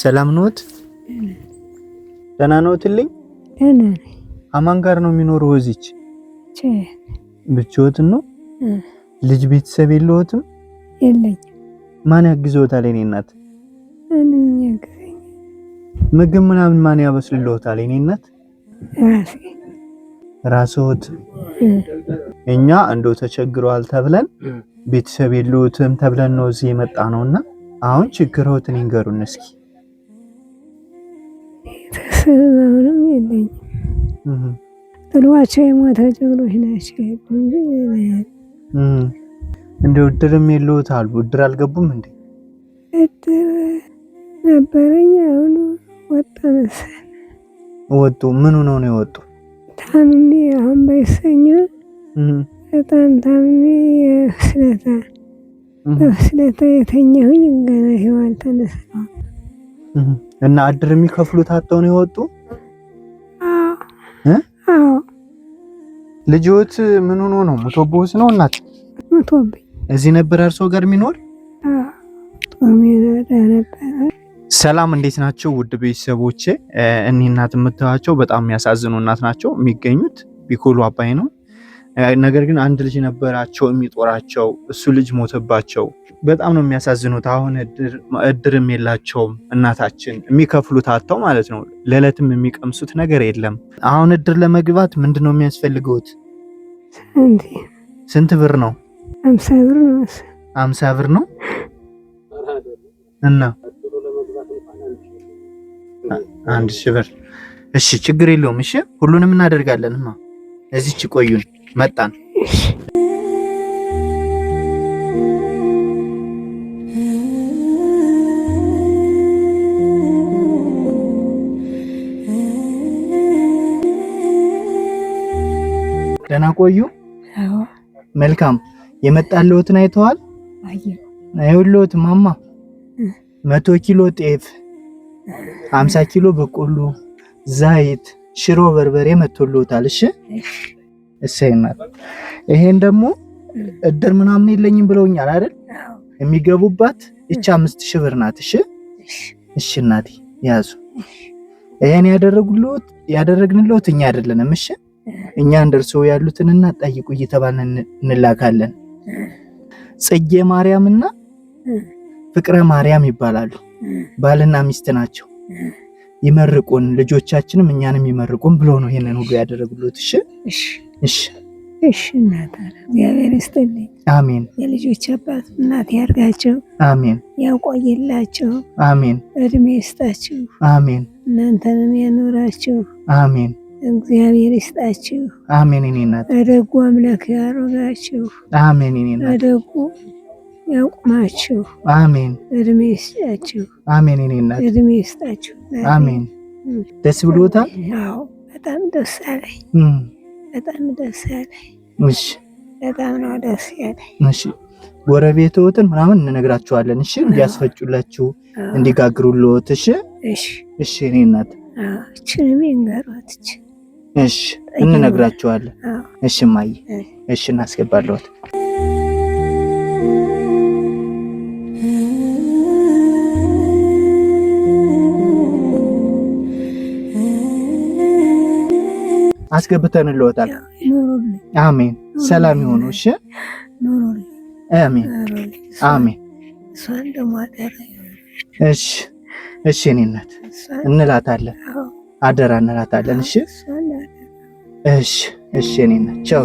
ሰላም ኖት? ደህና ኖትልኝ? አማን ጋር ነው የሚኖረው? እዚች ብቻዎትን ነው? ልጅ ቤተሰብ የለዎትም? የለኝም። ማን ያግዘዎታል? የእኔ እናት ምግብ ምናምን ማን ያበስልልዎታል? የእኔ እናት ራስዎት? እኛ እንዶ ተቸግረዋል ተብለን ቤተሰብ የለዎትም ተብለን ነው እዚህ የመጣ ነውና አሁን ችግሮትን ይንገሩን እስኪ ተስማምንም የለኝም። ጥሏቸው የሞተ ጀግኖች ናቸው። እንደ እድርም የለዎት አሉ። እድር አልገቡም እንዴ? እድር ነበረኝ። አሁን ወጣ መሰለኝ። ወጡ? ምን ሆነው ነው የወጡ? ታምሜ አሁን ባይሰኛ በጣም ታምሜ የፍስለታ በፍስለታ የተኛሁኝ ገና ህይዋል ተነስነዋል እና አድር የሚከፍሉት አጥተው ነው የወጡ። ልጅዎት ምን ሆኖ ነው? ሞቶብዎስ ነው? እናት ሞቶብኝ። እዚህ ነበር እርሶ ጋር የሚኖር? ሰላም እንዴት ናቸው? ውድ ቤተሰቦቼ፣ እኒህ እናት የምታዩቸው በጣም የሚያሳዝኑ እናት ናቸው። የሚገኙት ቢኮሉ አባይ ነው። ነገር ግን አንድ ልጅ ነበራቸው የሚጦራቸው፣ እሱ ልጅ ሞተባቸው። በጣም ነው የሚያሳዝኑት። አሁን እድርም የላቸውም እናታችን የሚከፍሉት አጥተው ማለት ነው። ለዕለትም የሚቀምሱት ነገር የለም። አሁን እድር ለመግባት ምንድን ነው የሚያስፈልገውት? ስንት ብር ነው? አምሳ ብር ነው እና አንድ ሺህ ብር። እሺ ችግር የለውም። እሺ ሁሉንም እናደርጋለንማ። እዚች ቆዩን፣ መጣን። ደህና ቆዩ። መልካም የመጣልዎትን አይተዋል? አይውሎት ማማ መቶ ኪሎ ጤፍ፣ አምሳ ኪሎ በቆሎ፣ ዘይት፣ ሽሮ፣ በርበሬ መቶልዎታል። እሺ እሰይ ይሄን ደግሞ እድር ምናምን የለኝም ብለውኛል አይደል? የሚገቡባት እቺ አምስት ሺህ ብር ናት። እሺ እሺ እናቴ ያዙ። ይሄን ያደረግንልዎት እኛ አይደለንም። እሺ እኛ እንደርሶ ያሉትንና ጠይቁ እየተባለ እንላካለን። ጽጌ ማርያም እና ፍቅረ ማርያም ይባላሉ። ባልና ሚስት ናቸው። ይመርቁን፣ ልጆቻችንም እኛንም ይመርቁን ብሎ ነው ይህንን ሁሉ ያደረጉሉት። እሺ እሺ እሺ እሺ። እግዚአብሔር ይስጥልኝ። አሜን። የልጆች አባት እናት ያርጋቸው። አሜን። ያቆየላቸው አሜን። እድሜ ይስጣችሁ። አሜን። እናንተንም ያኖራችሁ። አሜን። እግዚአብሔር ይስጣችሁ። አሜን። እኔ እናት አደጉ አምላክ ያሮጋችሁ። አሜን። እኔ እናት አደጉ ያቁማችሁ። አሜን። እድሜ ይስጣችሁ። አሜን። እኔ እናት እድሜ ይስጣችሁ። አሜን። ደስ ብሎታል? አዎ፣ በጣም ደስ አለኝ። በጣም ደስ አለኝ። እሺ፣ በጣም ነው ደስ ያለኝ። እሺ፣ ጎረቤቶትን ምናምን እንነግራችኋለን። እሺ፣ እንዲያስፈጩላችሁ እንዲጋግሩልዎት። እሺ፣ እሺ፣ እኔ እናት እችንም ይንገሯት። እሺ እንነግራቸዋለን። እሺ ማይ እሺ እናስገባለሁት። አስገብተን ልወታል። አሜን። ሰላም ይሁኑ። እሺ አሜን፣ አሜን። እሺ እሺ፣ እኔ እናት እንላታለን፣ አደራ እንላታለን። እሺ እሺ እሺ እኔ ቻው።